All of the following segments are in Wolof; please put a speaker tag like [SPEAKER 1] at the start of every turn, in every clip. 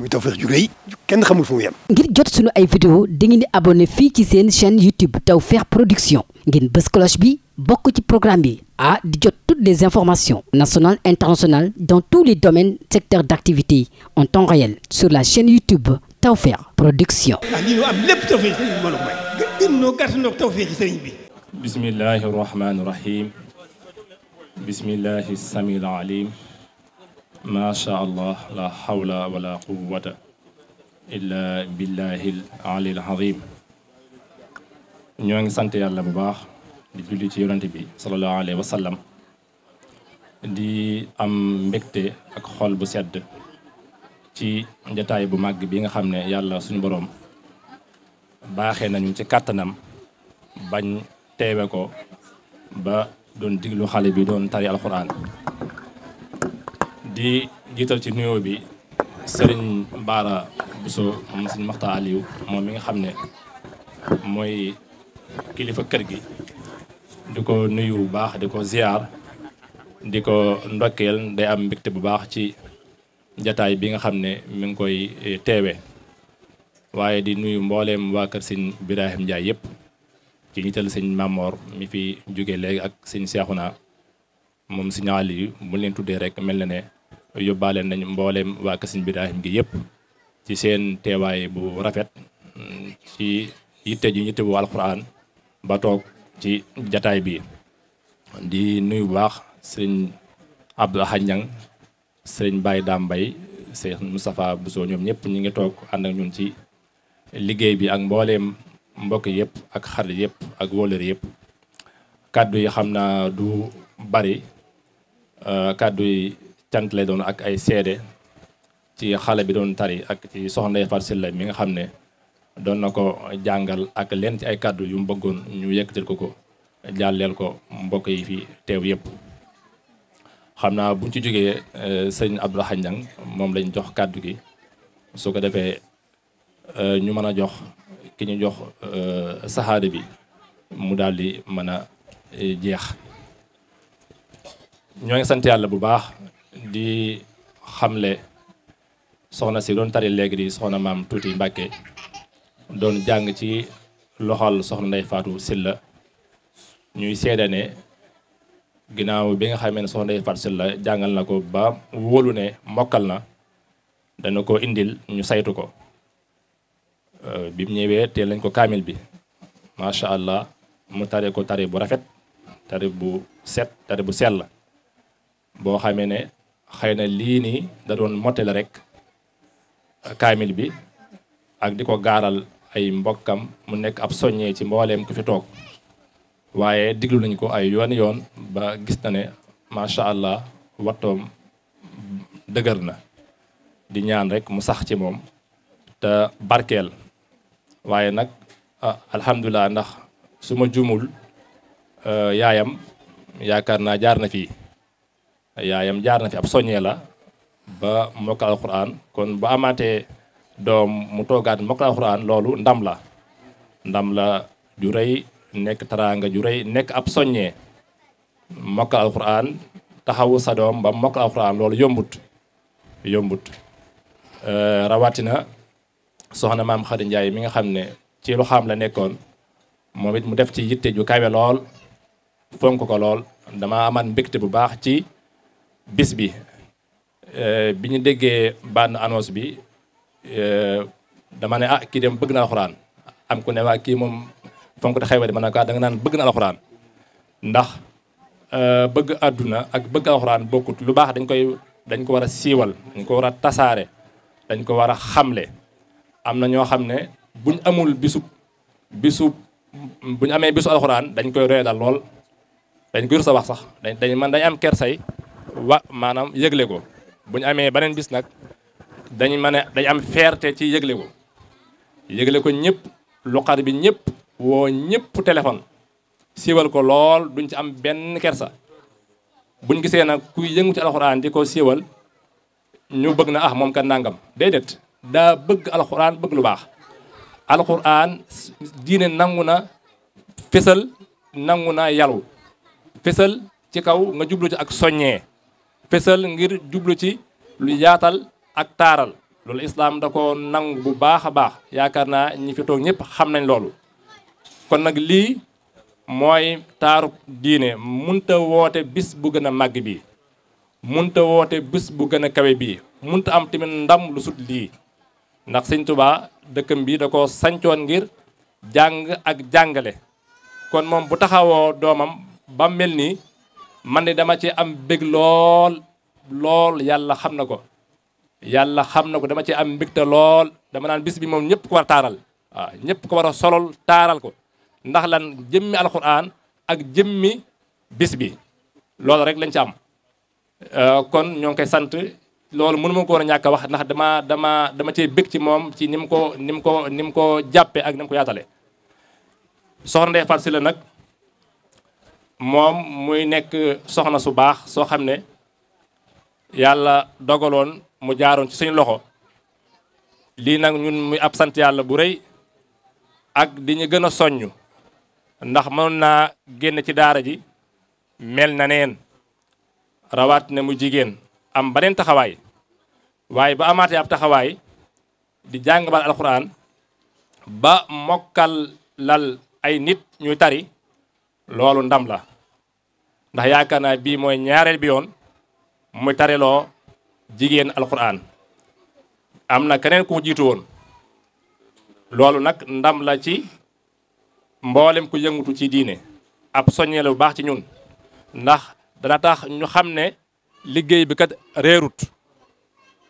[SPEAKER 1] muy Tawfekh ju kenn xamul fu mu
[SPEAKER 2] ngir jot sunu ay vidéo dangeen di abonné fii ci seen chaîne YouTube Tawfekh Production ngeen bës cloche bi bokk ci programme bi a di jot toutes des informations nationales internationales dans tous les domaines secteurs d'activité en temps réel sur la chaîne YouTube Tawfekh Production.
[SPEAKER 3] ah lii ñu am lépp Tawfekh sëriñ bi mbooloo mooy. gën gën ñoo gàtt ñoo Tawfekh sëriñ bi. bismillahi rahmaani rahim bismillahi samiil alim. macha allah la hawla la quwwata illa billahil alil azim ñoo ngi sant yàlla bu baax di julli ci yonante bi sallallahu alayhi wa sallam di am mbégte ak xol bu sedd ci njataay bu màgg bi nga xam ne yàlla suñu boroom baaxee nañu ci kàttanam bañ teewe ko ba doon diglu xale bi doon tari alxuraan di jiital ci nuyoo bi Serigne Bara Bousso moom Serigne Makhtar Aliou moom mi nga xam ne mooy kilifa kër gi di ko nuyu bu baax di ko ziar di ko ndokkeel day am mbégte bu baax ci jataay bi nga xam ne mu ngi koy eh, teewee waaye di nuyu mbooleem waa kër Serigne Birahim Ndiaye yëpp ci njiital Serigne Mamor mi fi jóge léegi ak Serigne naa moom Serigne Aliou mu leen tuddee rek mel na ne yóbbaale nañ mbooleem waa Kër Sëriñ gi yëpp ci seen teewaay bu rafet ci yitte ji yitte bu alxuraan ba toog ci jataay bi di nuyu bu baax sëriñ Abdou Ahad Niang baay Baye Dame Mbaye sëriñ Moustapha Bousso ñoom ñëpp ñu ngi toog ànd ak ñun ci liggéey bi ak mbooleem mbokk yëpp ak xarit yëpp ak wóolër yëpp kàddu yi xam naa du bari euh, kàddu yi cant lay doon ak ay seede ci xale bi doon tari ak ci soxna Ndeye Fatou mi nga xam ne doon na ko jàngal ak leen ci ay kàddu yu mu bëggoon ñu yëkkatil ko ko jàlleel ko mbokk yi fi teew yëpp xam naa buñ ci jógee euh, sëñ Abdou moom lañ jox kàddu gi su ko defee euh, ñu mën a jox ki ñu jox euh, saxaada bi mu daal di mën a jeex ñoo sant yàlla bu baax di xamle soxna si doon tari léegi di soxna maam tuuti Mbàkke doon jàng ci loxol soxna Ndey Faatu la ñuy seede ne ginnaaw bi nga xamee ne soxna Ndey Faatu Silla jàngal na ko ba wóolu ne mbokkal na dana ko indil ñu saytu ko euh, bi mu ñëwee teel lañ ko kaamil bi macha allah mu tari ko tari bu rafet tari bu set tari bu sell boo xamee ne xëy na lii nii da doon motte rek kaamil bi ak di ko gaaral ay mbokkam mu nekk ab soññee ci mbooleem ku fi toog waaye diglu nañ ko ay yoon yoon ba gis na ne macha allah wattoom dëgër na di ñaan rek mu sax ci moom te barkeel waaye nag ah, alhamdulilah ndax su ma jumul eh, yaayam yaakaar naa jaar na fii yaayam jaar na fi ab soññee la ba mokkal alxuraan kon bu amaatee doom mu toogaat mokkal alxuraan loolu ndam la ndam la ju rëy nekk taraanga ju rëy nekk ab soññee mokkal alxuraan taxawu sa doom ba mokkal alxuraan loolu yombut yombut euh, rawatina soxna maam Khady mi nga xam ne ci lu xam la nekkoon moom it mu def ci yitte ju lool fonk ko lool dama amaan mbégte bu baax ci bis bi euh, bi ñu déggee bànn annonce bi euh, dama ne ah kii dem bëgg na alxuraan am ku ne waa kii moom fonk te xayma di ma ne ko ah, da nga naan bëgg na alxuraan ndax euh, bëgg àdduna ak bëgg alxuraan bokkut lu baax dañ koy dañ ko war a siiwal dañ ko war a tasaare dañ ko war a xamle am na ñoo xam ne buñ amul bisu bisub buñ amee bisu alxuraan dañ koy roye lool dañ koy rus wax sax dañ man dañ am kersay wa maanaam yëgle ko bu ñu amee beneen bis nag dañ mën a dañ am feerte ci yëgle ko yëgle ko ñëpp lu xar bi ñëpp woo ñëpp téléphone séwal ko lool duñ ci am benn kersa buñ gisee nag kuy yëngu ci alxuraan di ko siiwal ñu bëgg na ah moom kat nangam déedéet daa bëgg alxuraan bëgg lu baax alxuraan diine nangu na fésal nangu na yalu fésal ci kaw nga jublu ci ak soññee fésal ngir jublu ci lu yaatal ak taaral loolu islaam da ko nangu bu baax a baax yaakaar naa ñi fi toog ñëpp xam nañ loolu kon nag lii mooy taaru diine munta woote bis bu gën a màgg bii munta woote bis bu gën a kawe bii munta am tamit ndam lu sut lii ndax sëñ tubaa dëkkam bi da ko sancoon ngir jàng ak jàngale kon moom bu taxawoo doomam ba mel nii man de dama cee am bég lool lool yàlla xam na ko yàlla xam na ko dama cee am mbégte lool dama naan bis bi moom ñëpp ko war a taaral waaw ñëpp ko war a solol taaral ko ndax lan jëmmi alxuraan ak jëmmi bis bi loolu rek lañ ci am euh, kon ñoo ngi koy sant loolu mënu ko war a ñàkk a wax ndax dama dama dama cee bég ci moom ci ni mu ko ni mu ko ni mu ko jàppee ak ni ko yaatale soxna Ndeye Fatou Sylla nag moom muy nekk soxna su baax soo xam ne yàlla dogaloon mu jaaroon ci suñu loxo lii nag ñun muy ab sant yàlla bu rëy ak di ñu gën a soññ ndax mënoon naa génn ci daara ji mel na neen rawaat ne mu jigéen am beneen taxawaay waaye ba amaatee ab taxawaay di jàng baal alxuraan ba mokkal lal ay nit ñuy tari loolu ndam la ndax yaakaar naa bii mooy ñaareel bi yoon muy tareloo jigéen alquran am na keneen ku jiitu woon loolu nag ndam la ci mboolem ku yëngutu ci diine ab soññee bu baax ci ñun ndax dana tax ñu xam ne liggéey bi kat réerut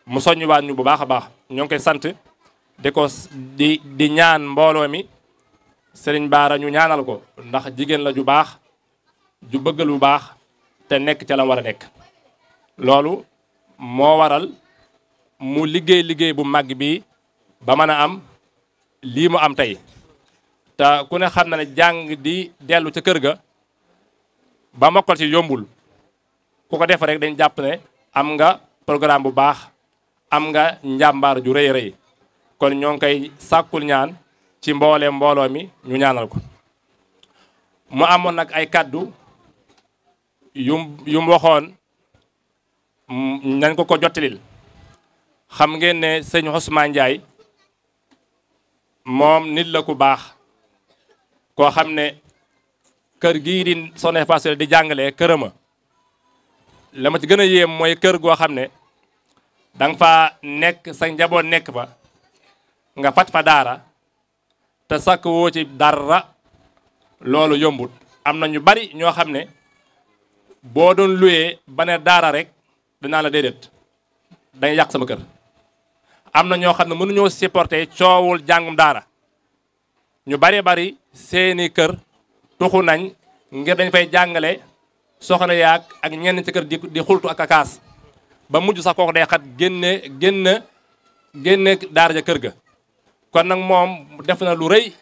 [SPEAKER 3] mu soññ waat ñu bu baax a baax ñoo ngi koy sant di ko di ñaan mbooloo mi sëriñ baara ñu ñaanal ko ndax jigéen la ju baax ju bëgg lu baax te nekk ca la war a nekk loolu moo waral mu liggéey liggéey bu màgg bi ba mën a am lii mu am tey te ku ne xam na ne jàng di dellu ca kër ga ba mokkal ci yombul ku ko def rek dañ jàpp ne am nga programme bu baax am nga njàmbaar ju réy rëy kon ñoo ngi koy sàkkul ñaan ci mboole mbooloo mi ñu ñaanal ko mu amoon nag ay kàddu yum yum waxoon mm, ko ko jottalil xam ngeen ne sëñ Ousmane moom nit la ku baax koo xam ne kër gii di Son Excellence di jàngalee kërama la ma ci gën a yéem mooy kër goo xam ne danga fa nekk sa njaboot nekk fa nga fat fa daara te sakk woo ci dara loolu yombut am na ñu bari ñoo xam ne boo doon loué ba ne daara rek dinaa la déedéet dangay yàq sama kër am na ñoo xam ne mënuñoo supporter coowul jàngum daara ñu bari bari seeni kër tuxu nañ ngir dañ fay jàngale soxna yaag ak ñenn ci kër di di xultu ak kaas ba mujj sax kooku day xat génne génn génne daara ja kër ga kon nag moom def na lu rëy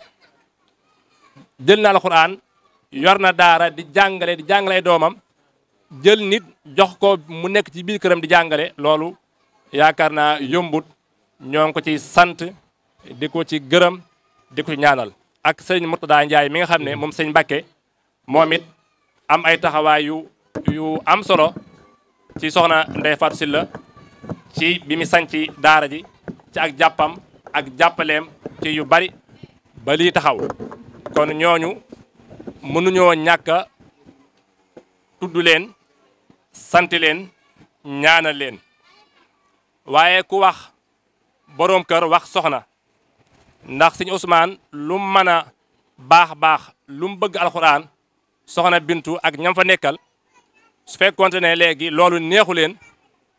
[SPEAKER 3] jël na alxuraan yor na daara di jàngale di jàngale ay doomam jël nit jox ko mu nekk ci biir këram di jàngale loolu yaakaar naa yombut ñoo ngi ko ci sant di ko ci gërëm di ko ci ñaanal ak sëñ Murtada Ndiaye mi nga xam ne moom sëñ Mbàkke moom it am ay taxawaay yu yu am solo ci soxna Ndeye Fatou Sylla ci bi mu sanci daara ji ci ak jàppam ak jàppaleem ci yu bari ba lii taxaw kon ñooñu mënuñoo ñàkk tudd leen sant leen ñaana leen waaye ku wax boroom kër wax soxna ndax sëñ Ousmane lu mën a baax baax lu bëgg alxuraan soxna Bintu ak ñam fa nekkal su fekkoonte ne léegi loolu neexu leen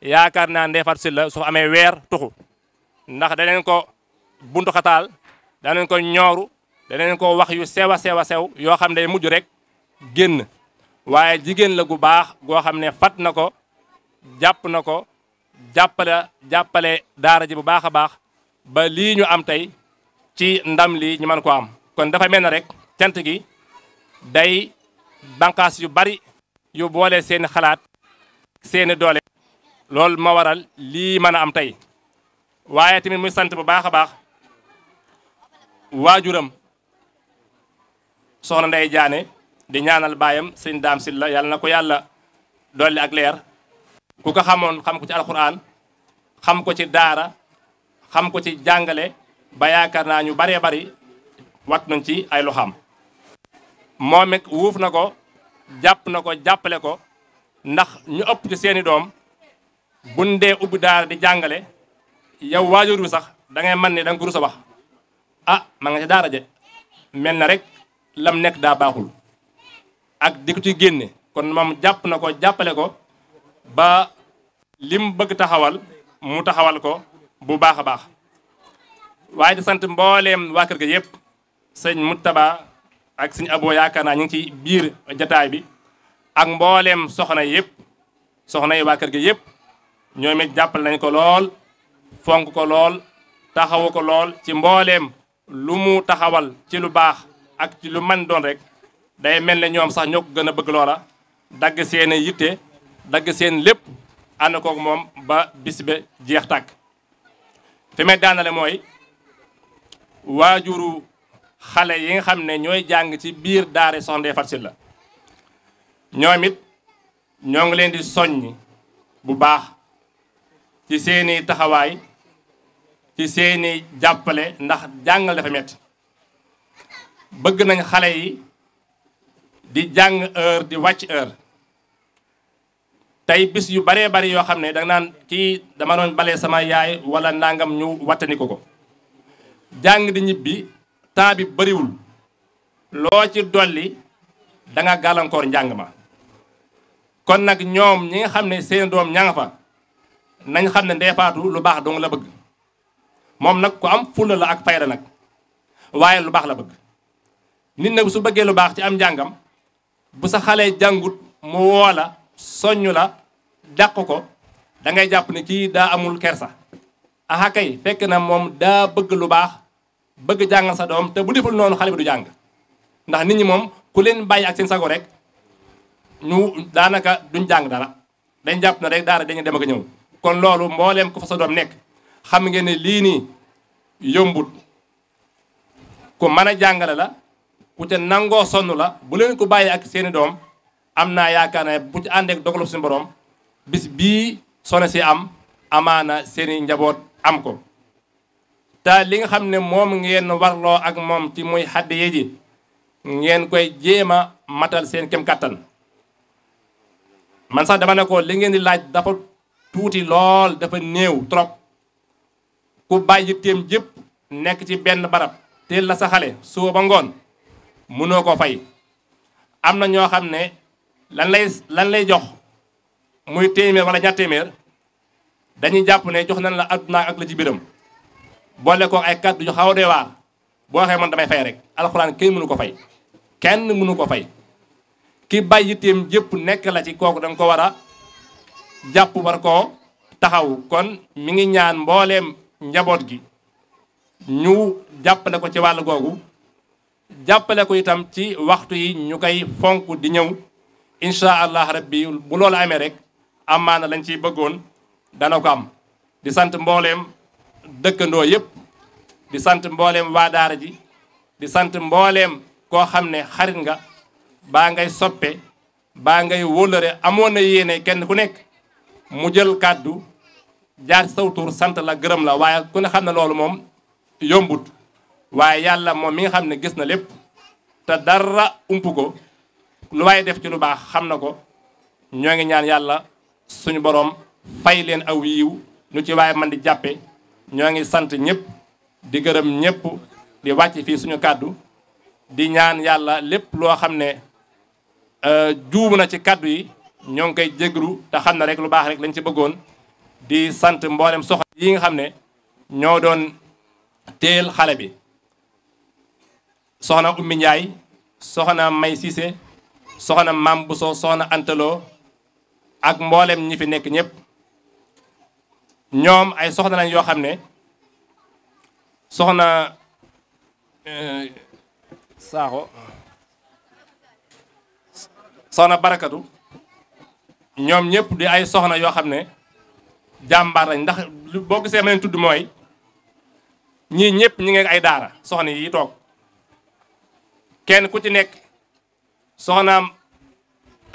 [SPEAKER 3] yaakaar naa Ndeye Fatou Sylla su amee weer tuxu ndax danañ ko buntu xataal danañ ko ñooru danañ ko wax yu sew a sew a sew yoo xam ne mujj rek génn. waaye jigéen la gu baax goo xam ne fat na ko jàpp na ko jàppale jàppale daara ji bu baax a baax ba lii ñu am tey ci ndam li ñu mën ko am kon dafa mel ne rek cant gi day bànqaas yu bari yu boole seeni xalaat seeni doole loolu ma waral lii mën a am tey waaye tamit muy sant bu baax a baax waajuram soxna Ndeye Diané di ñaanal baayam seen daam sit la yàlla na ko yàlla dolli ak leer ku ko xamoon xam ko ci alxuraan xam ko ci daara xam ko ci jàngale ba yaakaar naa ñu baree bari wat nañ ci ay lu xam moom it wuuf na ko jàpp na ko jàppale ko ndax ñu ëpp ci seeni doom buñ dee ubbi daara di jàngale yow waajur wi sax dangay ngay mën ne da ko rus a wax ah ma nga ci daara je mel na rek lam nekk daa baaxul ak di ci génne kon moom jàpp na ko jàppale ko ba lim bëgg taxawal mu taxawal ko bu baax a baax waaye di sant mbooleem waa kër yépp yëpp mu Moutaba ak sëñ Abo yaakaar naa ñu ngi ci biir jataay bi ak mbooleem soxna yëpp soxna yi waa kër ga yëpp ñoom it jàppale nañ ko lool fonk ko lool taxawu ko lool ci mbooleem lu mu taxawal ci lu baax ak ci lu man doon rek day mel na ñoom sax ñoo ko gën a bëgg loola dagg seen yitte dagg seen lépp ànd koog moom ba bis jeex tàkk fi may daanale mooy waajuru xale yi nga xam ne ñooy jàng ci biir daare Soxna Ndeye Fatou Sylla ñoom it ñoo ngi leen di soññ bu baax ci seeni taxawaay ci seeni jàppale ndax jàngal dafa bëgg nañ xale yi di jàng heure di wàcc heure tey bis yu baree bari yoo xam ne danga naan kii dama doon balee sama yaay walla nangam ñu wattaniku ko jàng di ñibbi temps bi bariwul loo ci dolli da nga gàllankoor njàng ma kon nag ñoom ñi nga xam ne seen doom ña nga fa nañ xam ne ndeefaatu lu baax dong la bëgg moom nag ku am fulla la ak fayda nag waaye lu baax la bëgg nit nag su bëggee lu baax ci am njàngam bu sa xalee jàngut mu woo la soññ la dàq ko dangay jàpp ni kii daa amul kersa. aha fekk na moom daa bëgg lu baax bëgg jàngal sa doom te bu deful noonu xale bi du jàng ndax nit ñi moom ku leen bàyyi ak seen sago rek ñu daanaka duñ jàng dara dañ jàpp na rek daara dañu dem ak ñëw. kon loolu mbooleem ko fa sa doom nekk xam ngeen ne lii nii yombut ku mën a jàngale la. ku ca nangoo sonn la bu leen ko bàyyi ak seeni doom am naa yaakaar ne bu ci àndeek dogalu suñu borom bis bii sone si am amaana seeni njaboot am ko te li nga xam ne moom ngeen warloo ak moom ci muy xaddiye ji ngeen koy jéem a matal seen kem kàttan man sax dama ne ko li ngeen di laaj dafa tuuti lool dafa néew trop ku bàyyi téem jëpp nekk ci benn barab teel la sa xale suba ba ngoon mënoo ko fay am na ñoo xam ne lan lay lan lay jox muy téeméer wala ñaar téeméer dañuy jàpp ne jox nañ la adduna ak la ci biram boole ko ay kàddu yu xaw a doy waar boo xee damay fay rek alxuraan kenn mënu ko fay kenn mënu ko fay ki bàyyi téem jépp nekk la ci kooku danga ko war a jàpp war koo taxaw kon mu ngi ñaan mbooleem njaboot gi ñu jàppale ko ci wàll googu jàppale ko itam ci waxtu yi ñu koy fonk di ñëw incha allah rabbi bu loolu amee rek amaana lañ ciy bëggoon dana ko am di sant mbooleem dëkkandoo yëpp di sant mbooleem waa ji di sant mbooleem koo xam ne xarit nga baa ngay soppe baa ngay wólëre amoon na yéene kenn ku nekk mu jël kàddu jaar sawtur sant la gërëm la waaye ku ne xam ne loolu moom yombut waaye yàlla moom mi nga xam ne gis na lépp te dara ump ko lu waaye def ci lu baax xam na ko ñoo ngi ñaan yàlla suñu boroom fay leen aw yiw nu ci waaye man di jàppe ñoo ngi sant ñëpp di gërëm ñëpp di wàcc fii suñu kàddu di ñaan yàlla lépp loo xam ne euh, juum na ci kàddu yi ñoo ngi koy jéglu te xam na rek lu baax rek lañ ci bëggoon di sant mboolem soxna yi nga xam ne ñoo doon téel xale bi soxna Oumy Ndiaye soxna May Cissé soxna Mam Bousso soxna Antaloo ak mbooleem ñi fi nekk ñëpp ñoom ay soxna lañ yoo xam ne soxna euh, Saaxo soxna Barakatu ñoom ñëpp di ay soxna yoo xam ne jàmbaar ndax boo gisee ma leen tudd mooy ñii ñëpp ñu ngi ay daara soxna yi toog. kenn ku ci nekk soxnaam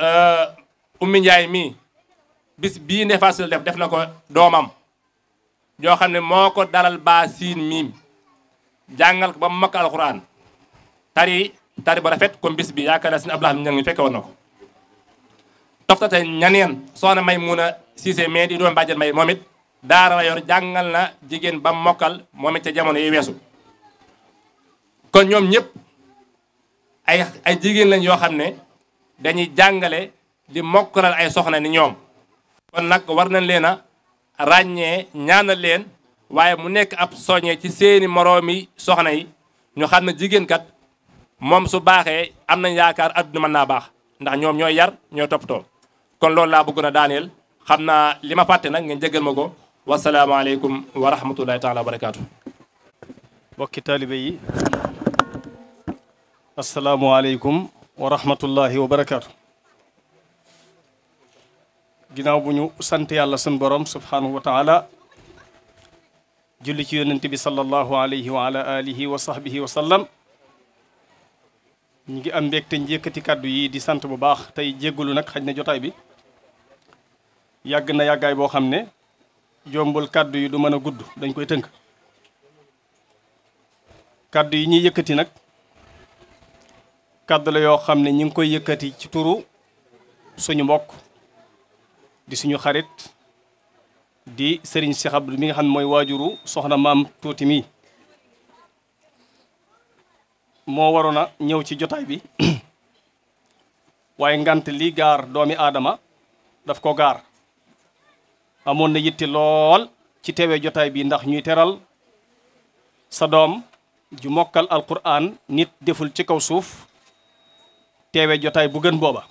[SPEAKER 3] euh, Oumy Ndiaye mii bis bii Ndeye Fatou def def na ko doomam yoo xam ne moo ko dalal baa siin miim jàngal ko ba mu makk alxuraan tari tari ba rafet comme bis bi yaakaar naa na Abdoulaye Niang ñu fekke woon na ko toftate ñaneen soxna may mun a siise mais di doon bàjjen may moom it daara la yor jàngal na jigéen ba mokkal moom it jamono yi weesu kon ñoom ñëpp ay ay jigéen lañ yoo xam ne dañuy jàngale di mokkalal ay soxna ni ñoom kon nag war nañ leen a ràññee ñaanal leen waaye mu nekk ab soññee ci seeni moroomi soxna yi ñu xam ne jigéen moom su baaxee am nañ yaakaar adduna mën naa baax ndax ñoom ñooy yar ñooy toppatoo kon loolu laa bëggoon na daaneel xam naa li ma fàtte nag ngeen jéggal ma ko wasalaamaaleykum wa rahmatullahi taala wa barakaatu. mbokki taalibe yi.
[SPEAKER 1] asalaamualeykum wa rahmatullahi wa barakaatu. ginnaaw bu ñu sant yàlla sun borom subhanahu wa taala julli ci yonent bi sallallahu alayhi wa ala alihi wa sahbihi wa sallam ñu ngi am mbégte njëkkati kàddu yi di sant bu baax tey jéggalu nag xaj na jotaay bi yàgg na yàggaay boo xam ne jombul kàddu yi du mën a gudd dañ koy tënk kàddu yi ñuy yëkkati nag kàddu yoo xam ne ñi ngi koy yëkkati ci turu suñu mbokk di suñu xarit di sëriñ Cheikh Abdou mi nga xam ne mooy waajuru soxna maam tuuti mi moo waroon a ñëw ci jotaay bi waaye ngant lii gaar doomi aadama daf ko gaar amoon na yitte lool ci teewee jotaay bi ndax ñuy teral sa doom ju mokkal alquran nit deful ci kaw suuf teewe jotaay bu gën booba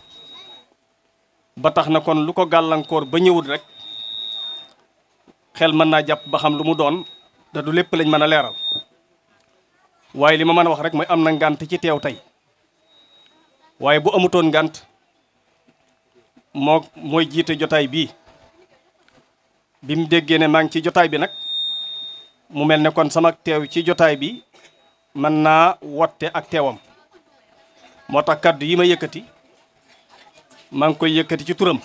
[SPEAKER 1] ba tax na kon lu ko gàllankoor ba ñëwut rek xel mën naa jàpp ba xam lu mu doon da lépp lañ mën a leeral waaye li ma mën a wax rek mooy am na ngànt ci teew tey waaye bu amutoon ngànt moo mooy jiite jotaay bii bi mu déggee ne maa ngi ci jotaay bi nag mu mel ne kon sama teew ci jotaay bi mën naa wotte ak teewam moo tax kàddu yi ma yëkkati maa ngi koy yëkkati ci turam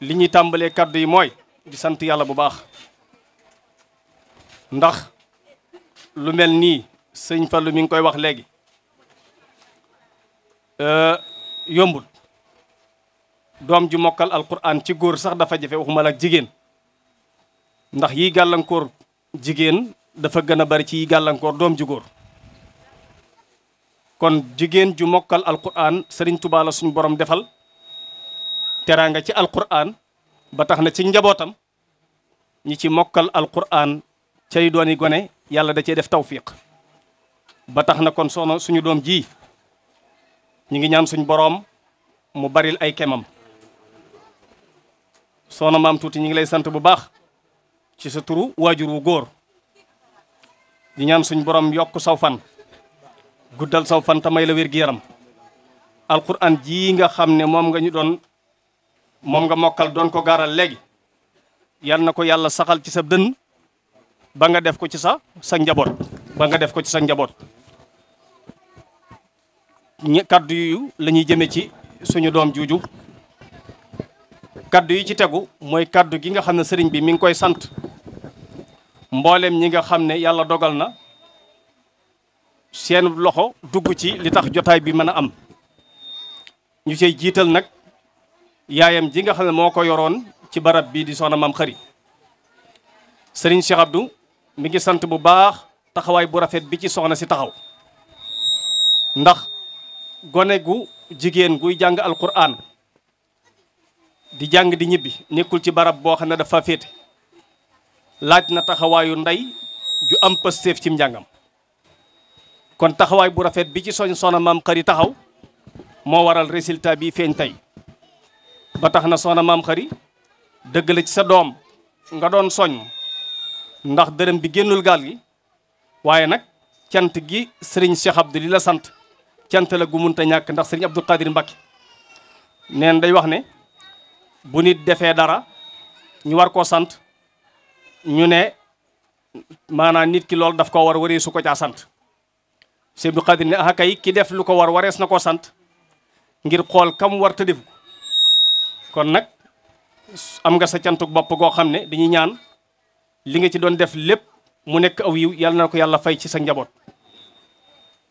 [SPEAKER 1] li ñuy tàmbalee kàddu yi mooy di sant yàlla bu baax ndax lu mel nii sëñ Fallou mi ngi koy wax léegi euh, yombul doom ju mokkal al alquran ci góor sax dafa jafe waxumala ak jigéen ndax yi gàllankoor jigéen dafa gën a bari ci yi gàllankoor doom ju góor kon jigéen ju mokkal alquran sëriñ tubaala suñu borom defal teraanga ci alquran ba tax na ci njabootam ñi ci mokkal alquran cay dooni gone yàlla da cee def tawfiq ba tax na kon soxna suñu doom ji ñu ngi ñaan suñu boroom mu baril ay kemam soo na maam tuuti ñu ngi lay sant bu baax ci sa turu waajur wu góor di ñaan suñu borom yokk saw fan guddal saw fan may la wér-gi-yaram alquran ji nga xam ne moom nga ñu doon moom nga mokkal doon ko gaaral léegi yal na ko yàlla saxal ci sa dënn ba nga def ko ci sa sa njaboot ba nga def ko ci sa njaboot ñi kaddu yu la jëme ci suñu doom juuju kàddu yu ci tegu mooy kàddu gi nga xam ne sëriñ bi mi ngi koy sant mboolem ñi nga xam ne yàlla dogal na seen loxo dugg ci li tax jotaay bi mën a am ñu cey jiital nag yaayam ji nga xam ne moo ko yoroon ci barab bii di soxna maam xari sëriñ Cheikh Abdou mi ngi sant bu baax taxawaay bu rafet bi ci soxna si taxaw ndax gone gu jigéen guy jàng alquran di jàng di ñibbi nekkul ci barab boo xam ne dafa féete laaj na taxawaayu ndey ju am pësteef ci njàngam kon taxawaay bu rafet bi ci soñ soxna maam xari taxaw moo waral résultat bi feeñ tey ba tax na soxna maam xari dëgg la ci sa doom nga doon soñ ndax dërëm bi génnul gaal gi waaye nag cant gi sëriñ Cheikh Abdou li la sant cant la gu ñàkk ndax sëriñ Abdou Qadir Mbacké neen day wax ne bu nit defee dara ñu war koo sant ñu ne maanaam nit ki loolu daf koo war waree su ko caa sant Sëñ Abdou Khadir ne ah kay ki def lu ko war warees na koo sant ngir xool kam war te kon nag am nga sa cantu bopp goo xam ne dañuy ñaan li nga ci doon def lépp mu nekk aw yiw yàlla na ko yàlla fay ci sa njaboot.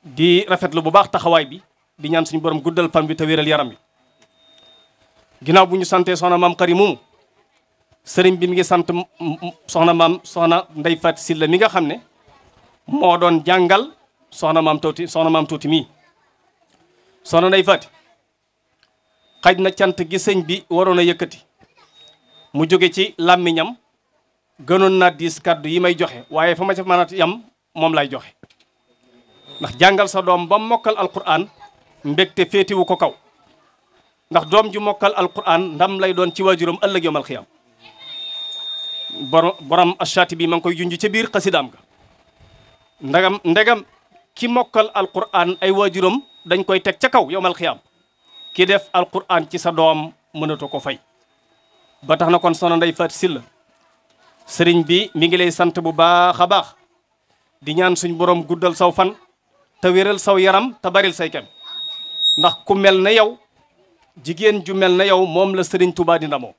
[SPEAKER 1] di rafetlu bu baax taxawaay bi di ñaan suñu borom guddal fan bi te wéral yaram bi ginnaaw bu ñu santee soxna maam xari moomu sëriñ bi mi ngi sant soxna maam soxna Ndey Faat Silla mi nga xam ne moo doon jàngal. soxna maam tuuti soxna maam tuuti mii soxna Ndey Faati xaj na cant gi bi waroon a yëkkati mu jóge ci làmmiñam gënoon na diis kàddu yi may joxe waaye fa ma ca mën a yam moom lay joxe ndax jàngal sa doom ba mokkal alquran mbégte féetiwu ko kaw ndax doom ju mokkal alquran ndam lay doon ci waajuram ëllëg yawmal am borom borom achaati bi ma ngi koy junj ca biir xasidaam ga ndegam ki mokkal alquran ay waajuram dañ koy teg ca kaw yow xiyaam ki def alquran ci sa doom mënatu ko fay ba tax na kon soxna Ndeye Fatou Sylla sëriñ bi mi ngi lay sant bu baax a baax di ñaan suñ borom guddal saw fan te wéral saw yaram te baril say kem ndax ku mel na yow jigéen ju mel na yow moom la sëriñ Touba di ndamoo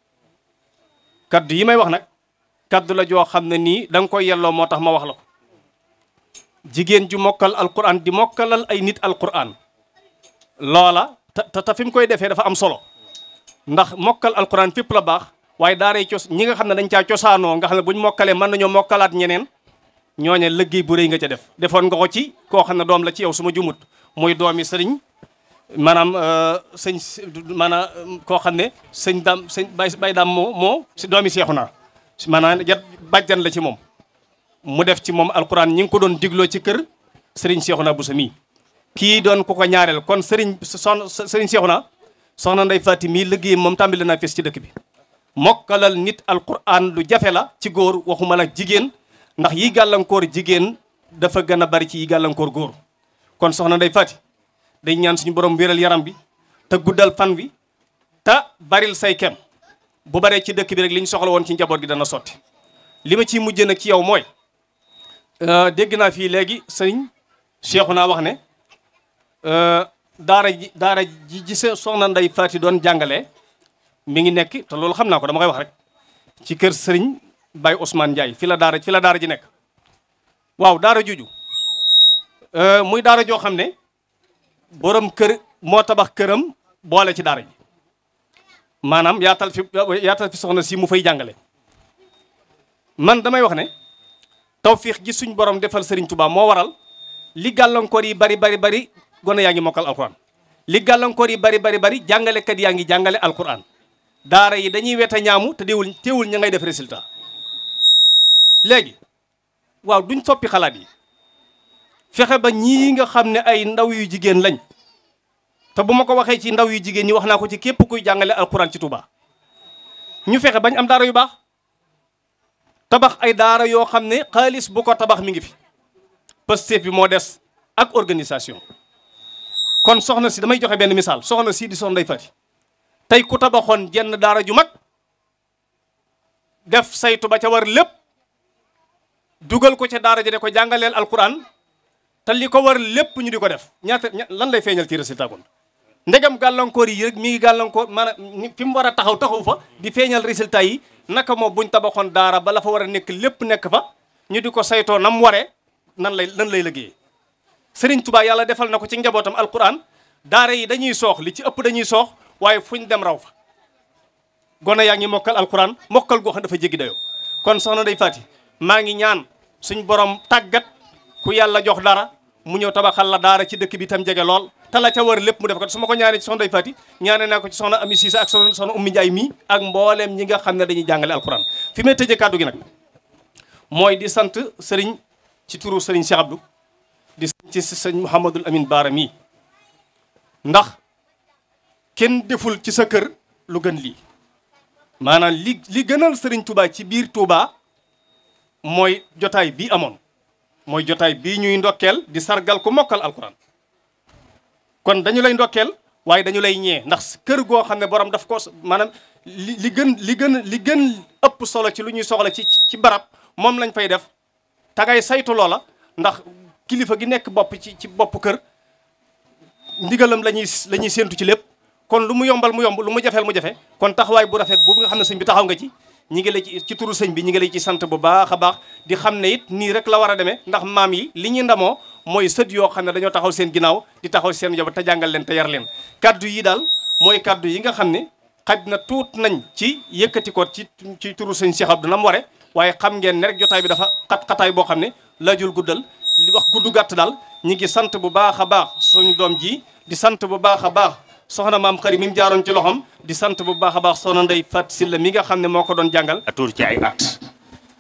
[SPEAKER 1] kaddu yi may wax nag kaddu la joo xam ne nii da koy yelloo moo tax ma wax la ko jigéen ju mokkal alquran di mokkalal ay nit alquran loola te te fi mu koy defee dafa am solo ndax mokkal alquran fépp la baax waaye daaray cos ñi nga xam ne dañ caa cosaanoo nga xam ne buñ mokkalee mën nañoo mokkalaat ñeneen ñooñe liggéey bu rëy nga ca def defoon nga ko ci koo xam ne doom la ci yow su ma jumut muy doomi sëriñ maanaam euh, sëñ maanaam koo xam ne sëñ daam sëñ bay bay daam moo moo si doomi seexu naa maanaam jat bàjjan la ci moom mu def ci moom alquran ñi ngi ko doon digloo ci kër sëriñ Cheikhouna Bousso mii kii doon ku ko ñaareel kon sëriñ son sëriñ Cheikhouna soxna Ndeye Faty mii liggéey moom tàmbali naa fees ci dëkk bi mokkalal nit alquran lu jafe la ci góor waxuma la jigéen ndax yi gàllankoor jigéen dafa gën a bari ci yi gàllankoor góor kon soxna Ndeye Faty day ñaan suñu borom wéral yaram bi te guddal fan wi te baril say kem bu baree ci dëkk bi rek li ñu soxla woon ci njaboot gi dana sotti li ma ciy mujjee nag ci yow mooy Euh, dégg naa fii léegi sëñ Cheikhouna wax ne euh, daara ji daara ji gise soxna Ndeye Faty doon jàngale mi ngi nekk te loolu xam naa ko dama koy wax rek ci kër sëriñ bay Ousmane Ndiaye fi la daara fi la daara ji nekk waaw daara juju euh, muy daara joo xam ne borom kër moo tabax këram boole ci daara ji maanaam yaatal fi yaatal fi soxna si mu fay jàngale man damay wax ne tawfiix ji suñ borom defal sëriñ Touba moo waral li gàllankoor yi bari bari bari gone yaa ngi mokkal alquran li gàllankoor yi bari bari bari jàngalekat yaa ngi jàngale alquran daara yi dañuy weta ñaamu te déewul téewul ña ngay def résultat léegi waaw duñ soppi xalaat yi fexe ba ñii nga xam ne ay ndaw yu jigéen lañ te bu ma ko waxee ci ndaw yu jigéen ñi wax naa ko ci képp kuy jàngale alquran ci tubaa ñu fexe bañ am daara yu baax tabax ay daara yoo xam ne xaalis bu ko tabax mi ngi fi Pastef bi moo des ak organisation kon soxna si damay joxe benn misaal soxna si di soxna Ndeye Faty tey ku tabaxoon jenn daara ju mag def saytu ba ca war lépp dugal ko ca daara ji ne ko jàngaleel alquran te li ko war lépp ñu di ko def ñaata lan lay feeñal ci résultat kon ndegam gàllankoor yi rek mi gàllankoor maanaam fi mu war a taxaw taxaw fa di feeñal résultat yi naka moom buñ tabaxoon daara ba la fa war a nekk lépp nekk fa ñu di ko saytoo nam waree nan lay nan lay liggéey Sëriñ Tuubaa yàlla defal na ko ci njabootam alquran daara yi dañuy soox li ci ëpp dañuy soox waaye fuñ dem raw fa gone yaa ngi mokkal alquran mokkal goo xam dafa jéggi dayoo kon soxna day fàtti maa ngi ñaan suñ borom tàggat ku yàlla jox dara mu ñëw tabaxal la daara ci dëkk bi tam jege lool te la ca war lépp mu def ko su ma ko ñaanee ci soxna Fati ñaanee naa ko ci soxna Ami Cissé ak soxna Ummi Njaay mii ak mbooleem ñi nga xam ne dañuy jàngale alquran fi may tëjee kàddu gi nag mooy di sant sëriñ ci turu sëriñ Cheikh Abdou di sant ci sëriñ Mouhamadul Amin Baara mi ndax kenn deful ci sa kër lu gën lii maanaam li gënal sëriñ Touba ci biir Touba mooy jotaay bii amoon mooy jotaay bii ñuy ndokkeel di sargal ku mokkal alquran kon dañu lay ndokkeel waaye dañu lay ñee ndax kër goo xam ne borom daf ko maanaam li li gën li gën li gën ëpp solo ci lu ñuy soxla ci ci barab moom lañu fay def tagay saytu loola ndax kilifa gi nekk bopp ci ci bopp kër ndigalam la ñuy la ñuy séentu ci lépp kon lu mu yombal mu yomb lu mu jafeel mu jafe kon taxawaay bu rafet boobu nga xam ne suñ bi taxaw nga ci ñi ngi la ci ci turu sëñ bi ñi ngi la ci sant bu baax a baax di xam ne it nii rek la war a demee ndax maam yi li ñu ndamoo mooy sët yoo xam ne dañoo taxaw seen ginnaaw di taxaw seen njaboot te jàngal leen te yar leen kàddu yi daal mooy kàddu yi nga xam ne xaj na tuut nañ ci yëkkati ko ci ci turu sëñ Cheikh Abdou na mu ware waaye xam ngeen ne rek jotaay bi dafa xat xataay boo xam ne laajul guddal li wax guddu gàtt daal ñi ngi sant bu baax a baax suñu doom ji di sant bu baax a baax soxna maam xari mi mu jaaroon ci loxom di sant bu baax a baax soxna ndey
[SPEAKER 4] Faat Silla mi nga xam ne moo ko doon jàngal. a tuur ay at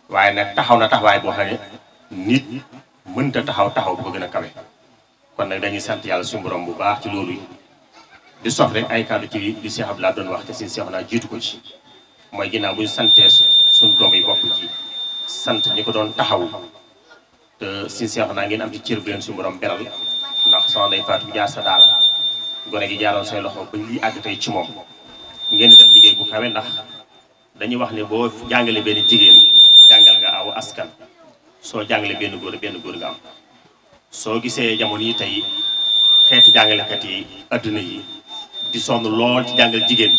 [SPEAKER 4] waaye nag taxaw na taxawaay boo xam ne nit mënta taxaw taxaw bu ko gën a kawe kon nag dañuy sant yàlla suñu borom bu baax ci loolu yi di sof rek ay kàddu ci li Cheikh Abdoulaye doon wax te si seex naa jiitu ko ci mooy ginnaaw bu ñu santee suñu doom yi bopp sant ñi ko doon taxaw te seen Cheikh naa ngi am ci cër bu leen suñu borom beral ndax soxna Fatou Dia sa daala gone gi jaaroon say loxo ba lii àgg tey ci moom ngeen di liggéey bu kawe ndax dañuy wax ne boo jàngalee benn jigéen jàngal nga aw askan soo jàngale benn góor benn góor nga am soo gisee jamono yi tey xeeti jàngalekat yi adduna yi di sonn lool jàngal jigéen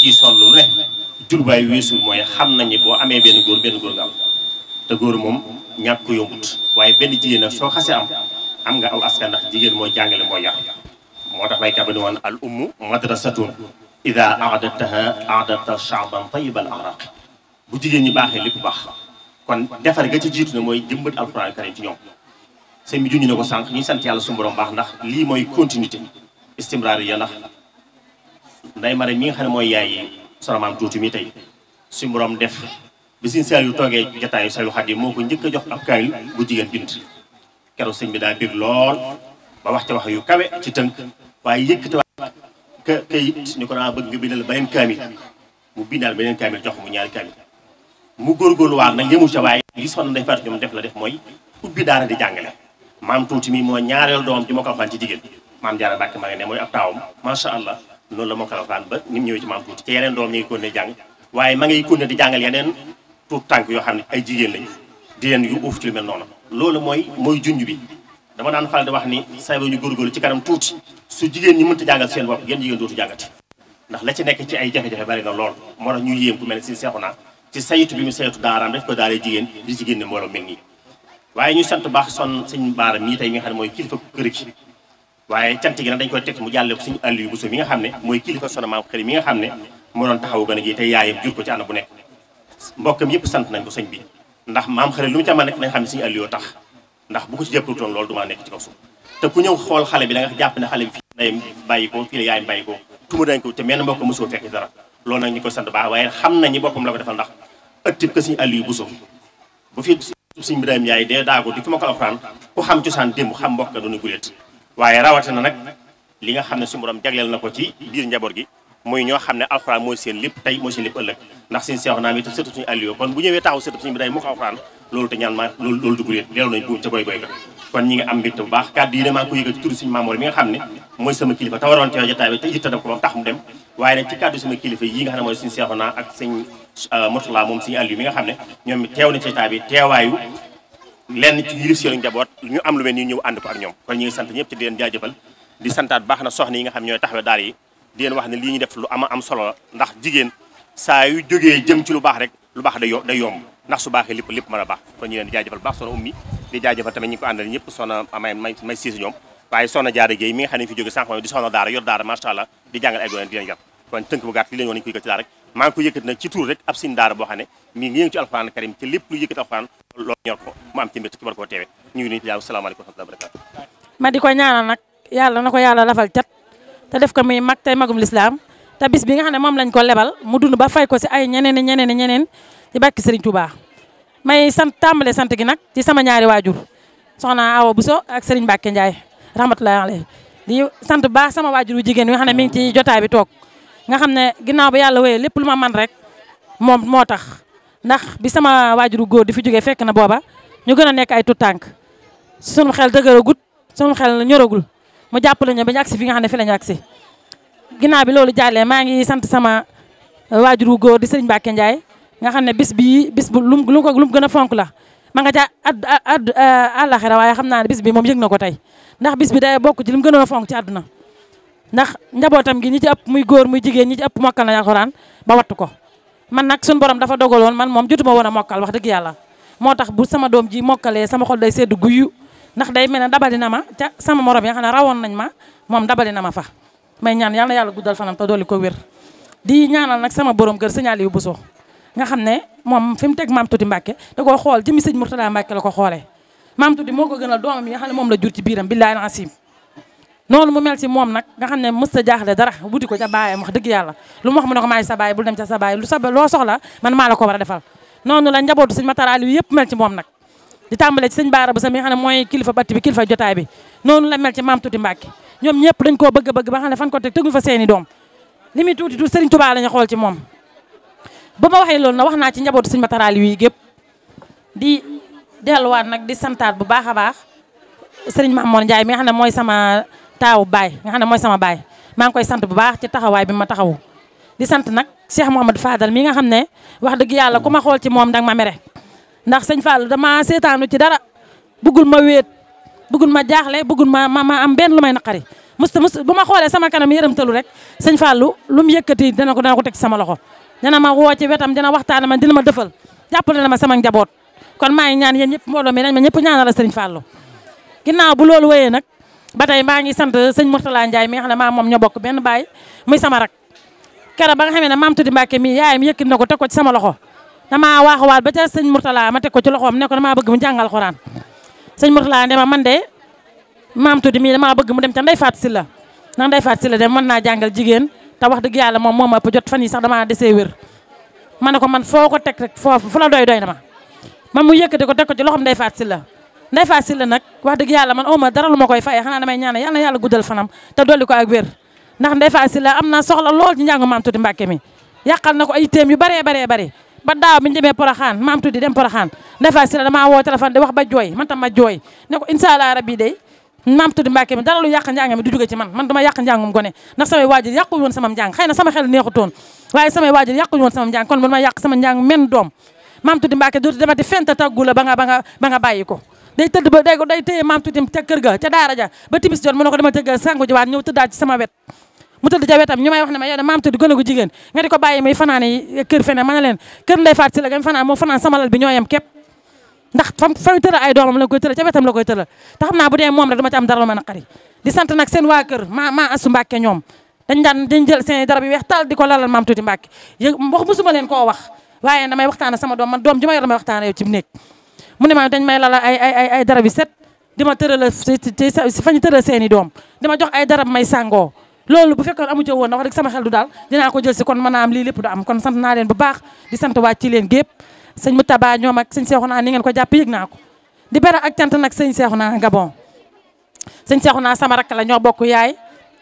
[SPEAKER 4] ciy sonn lu ne jurbaay mooy xam nañu boo amee benn góor benn góor te góor moom ñàkk ko waaye benn jigéen nag soo xasee am am nga aw askan ndax jigéen mooy jàngale mooy yar moo tax baykat bi ni woon al ummu madrasatun ida aadataha aadata shaaban tayib al araq bu jigéen ñi baaxee li lépp baax kon defar nga ci jiitu na mooy jëmbat alquran karim ci ñoom sëñ bi junj na ko sànq ñuy sant yàlla suñu borom baax ndax lii mooy continuité istimraar ya ndax nday mare mi nga xam ne mooy yaay yi tuuti mi tey suñu borom def bi si saal yu toogee jataayu saylu xat yi moo ko njëkk a jox ab kaamil bu jigéen bind keroog sëñ bi daa biir lool ba wax ca wax yu kawe ci tënk waaye yëkkatiwaat ka kayit ñu ko daa bëgg nga bindal beneen kaamil bindaal beneen kaamil jox mu ñaari kaamil mu góorgóorluwaat nag yemu ca waaye li soxna Ndeye Fatou ñoom def la def mooy ubbi daara di jàngale maam tuuti mi moo ñaareel doomam di moo ko ci jigéen maam jaara bàkke maa ngi ne mooy ab taawam macha allah noonu la moo ko alxaan ba ni mu ñëwee ci maam tuuti te yeneen doom ñu ngi continuer jàng waaye ma ngay continuer di jàngal yeneen tuut tànk yoo xam ne ay jigéen lañ di leen yu uuf ci lu mel noonu loolu mooy mooy junj bi dama daan faral di wax ni saa ñu góorgóorlu ci kanam tuuti su jigéen ñi mënta jàngal seen bopp yéen jigéen dootu jàngati ndax la ci nekk ci ay jafe-jafe bari na lool moo tax ñu yéem ku mel ne si seexu naa ci saytu bi mu saytu daaraam def ko daaree jigéen di jigéen ne mbooloo mel nii ñu sant baax son sëñ baara mii tey mi nga ne mooy kilifa kër cant gi nag dañ teg mu jàlle ko suñu àll yu busu mi nga xam ne mooy kilifa son mi nga xam ne moo taxaw gën a gi tey yaayam jur ko ci ànd bu nekk yëpp sant nañ ko sëñ bi ndax maam xale lu mu ca mën nekk nañ xam ne suñu Aliou tax ndax bu ko ci jëppatoon loolu du ma nekk ci kaw suuf te ku ñëw xool xale bi da nga jàpp ne xale bi fii ndeyam bàyyi ko fii la yaayam bàyyi ko tuuma dañ ko te menn mbokk mosoo fekk dara loolu nag ñu koy sant baax waaye xam nañu boppam la ko defal ndax ëttib ko suñu Aliou Bousso bu fi suñu Birahim Yaay dee daago di fi ma ko alxuraan ku xam cosaan démb xam mbokk doonu guléet waaye rawatina nag li nga xam ne suñu borom jagleel na ko ci biir njaboot gi muy ñoo xam ne alxuraan mooy seen lépp tey mooy seen lépp ëllëg ndax suñu seex naa mi surtout suñu àlliyo kon bu ñëwee taxaw surtout suñu bi day mu ko alxuraan loolu te ñaan ma loolu loolu dugg leen leelu nañ buum ca boy boy ga kon ñi nga am mbégte bu baax kàddu yi ne maa ngi ko yëgal ci turu suñu maamoor mi nga xam ne mooy sama kilifa te waroon teew jotaay bi te yitta def ko ba tax mu dem waaye nag ci kàddu sama kilifa yi nga xam ne mooy suñu seexu naa ak suñ euh, motula moom suñu àlliyo mi nga xam ne ñoom teew na ci jotaay bi teewaayu lenn ci yirif seen njaboot ñu am lu mel ni ñëw ànd ko ak ñoom kon ñi ngi sant ñëpp ci di leen jaajëfal di santaat baax na soxna yi nga xam ñooy taxawe daal yi di leen wax ne lii ñu def lu am solo la ndax jigéen saa yu jógee jëm ci lu baax rek lu baax day yomb ndax su baaxee lépp lépp a baax kon ñu ummi di jaajëfal tamit géey mi nga xam ne fi jóge sànq di soxna daara yor daara macha allah di jàngal ay gone di leen yar kon tënk bu gàtt li leen ne mi ngi yëngu ci alxuraan karim ci lépp lu yëkkati alxuraan loolu ñor ko am ci mbir ci war koo teewe ñu ngi nuyu yàlla salaamaaleykum
[SPEAKER 2] wa rahmatulah te def ko muy mag tey magum lislaam te bis bi nga xam ne moom lañ ko lebal mu dund ba fay ko si ay ñeneen ñeneen ñeneen ci bàkki Sëriñ Tuubaa may sant tàmbale sant gi nag ci sama ñaari waajur soxna Awa Bousso ak Sëriñ Mbàkke Ndiaye rahmatullahi alayhi di sant baax sama waajur wu jigéen wi nga xam ne mi ngi ci jotaay bi toog nga xam ne ginnaaw bi yàlla wooyee lépp lu ma man rek moom moo tax ndax bi sama waajuru góor di fi jógee fekk na booba ñu gën a nekk ay tuut tànk sunu xel dëgëragut sunu xel ñoragul mu jàppale ñu ba ñu agsi fi nga xam ne fi la ñu agsi bi loolu jàllee maa ngi sant sama waajuru góor di sëriñ Mbacke Ndiaye nga xam ne bis bii bis bu lum lu ko gën a fonk la ma nga ca ad ad euh, àllaxira waaye xam naa ne bis bi moom yëg na ko tey ndax bis bi day bokk ci li gën gënoon a fonk ci àdduna ndax njabootam gi ñi ci ëpp muy góor muy jigéen ñi ci ëpp mokkal na alxuraan ba wattu ko man nag suñu borom dafa dogaloon man moom jotuma woon a mokkal wax dëgg yàlla moo tax bu sama doom ji sama xol day sedd ndax day mel ne dabali na ma ca sama morom ya xam ne rawoon nañ ma moom dabali na ma fa may ñaan yàlla yàlla guddal fanam te dooli ko wér di ñaanal nag sama borom kër signal yu busoo nga xam ne moom fi mu teg maam tuddi da koo xool jëmi sëñ Murtada Mbàkke la ko xoolee maam tuddi moo ko gënal doomam yi nga xam moom la jur ci biiram billaahi asim noonu mu mel ci moom nag nga xam ne mës ta jaaxle dara wuti ko ca baayam wax dëgg yàlla lu mu wax mu ne baay bul dem ca sa baay lu sa loo soxla man maa la ko war a defal noonu la njabootu sëñ Mataraali yëpp mel ci moom nag di tàmbale ci sëñ Baara bu sa mi nga xam ne mooy kilifa batt bi kilifa jotaay bi noonu la mel ci maam tuuti Mbàkke ñoom ñëpp dañ koo bëgg bëgg ba xam fan ko teg tëguñ fa seeni doom li muy tuuti tuuti sëriñ Tuubaa la ñu xool ci moom ba ma waxee loolu na wax naa ci njabootu sëñ mataraali wi gépp di delluwaat nag di santaat bu baax a baax sëriñ Mamour Ndiaye mi nga xam ne mooy sama taawu baay nga xam ne mooy sama baay maa ngi koy sant bu baax ci taxawaay bi ma taxaw di sant nag Cheikh Mouhamadou Fadal mi nga xam ne wax dëgg yàlla ku ma xool ci moom danga ma mere ndax sëñ Fall dama seetaanu ci dara bëggul ma wéet bëggul ma jaaxle bëggul ma ma am benn lu may naqari musta mus bu ma xoolee sama kanam yërëmtalu rek sëñ Fallou lu mu yëkkati dana ko dana ko teg sama loxo dana ma woo ci wetam dana waxtaan ma dina ma dëfal jàppale na ma sama njaboot kon maa ngi ñaan yéen ñëpp mbooloo mi nañ ma ñëpp ñaanal sëñ Fallou ginnaaw bu loolu wéyee nag ba tey maa ngi sant sëñ Mourtala Ndiaye mi nga xam maa moom ñoo bokk benn baay muy sama rak kera ba xamee ne maam Tudd Mbàkke mi yaayam na ko teg ko ci sama loxo damaa waaxuwaat ba ca sëñ Mourtala ma teg ko ci loxoom ne ko damaa bëgg mu jàngal xoraan sëñ Mourtala ne man de maam tuddi mii damaa bëgg mu dem ca day Fatou Sylla ndax Ndeye Fatou Sylla de mën naa jàngal jigéen te wax dëgg yàlla moom moo ma jot fan yi sax damaa desee wér ma ne ko man foo ko teg rek foofu fu la doy doy na ma man mu yëkkati ko teg ko ci loxoom Ndeye Fatou Sylla Ndeye Fatou Sylla nag wax dëgg yàlla man awma dara lu ma koy faye xanaa damay ñaanal yàlla yàlla guddal fanam te dolli ko ak wér ndax Ndeye Fatou Sylla am na soxla lool ci jàng maam tuddi Mbàkke mi yàqal na ko ay téem yu baree baree bare ba daaw bi ñu demee Porokhane maam tuddi dem Porokhane dafa a la damaa woo téléphone di wax ba jooy man tam ma jooy ne ko a allah rabbi day maam tuddi Mbàkke mi dara lu yàq njàng mi du jóge ci man man dama yàq njàngum gone ndax samay waajur yàqul woon sama njàng xëy na sama xel neexutoon waaye samay waajur ba nga ba ko day tëdd ba day day téye maam tuddi ca kër ga ca daara ja ba timis jot mu ne ko dama tëddaat ci sama wet mu tëdd ca wetam wax ne ma yow de maam tëdd gone gu jigéen nga di ko bàyyi muy ma ne leen kër Ndeye Fatou Sylla gam fanaan moom fanaan sama lal bi ñoo naa bu dee moom rek am dara lu ma naqari di sant nag seen ñoom dañ daan dañ jël seen darab yi weex taal di ko lalal maam tuuti Mbàkke yëg wax musuma leen koo wax waaye damay waxtaana sama doom man doom ji ma yor damay waxtaana yow ci néeg ne ma dañ may lala ay ay ay darab yi set di ma tërala ci fañu tëral seen i doom dama jox ay darab may sàngoo loolu bu fekkoon amu jëw woon na wax sama xel du daal dinaa ko jël si kon maanaam lii lépp du am kon sant naa leen bu baax di sant wàcc ci leen gépp sëñ Moutaba ñoom ak sëñ Seexuna ni ngeen ko jàpp yëg naa ko di bere ak cant nag sëñ Seexuna Gabon sëñ naa sama rakk la ñoo bokk yaay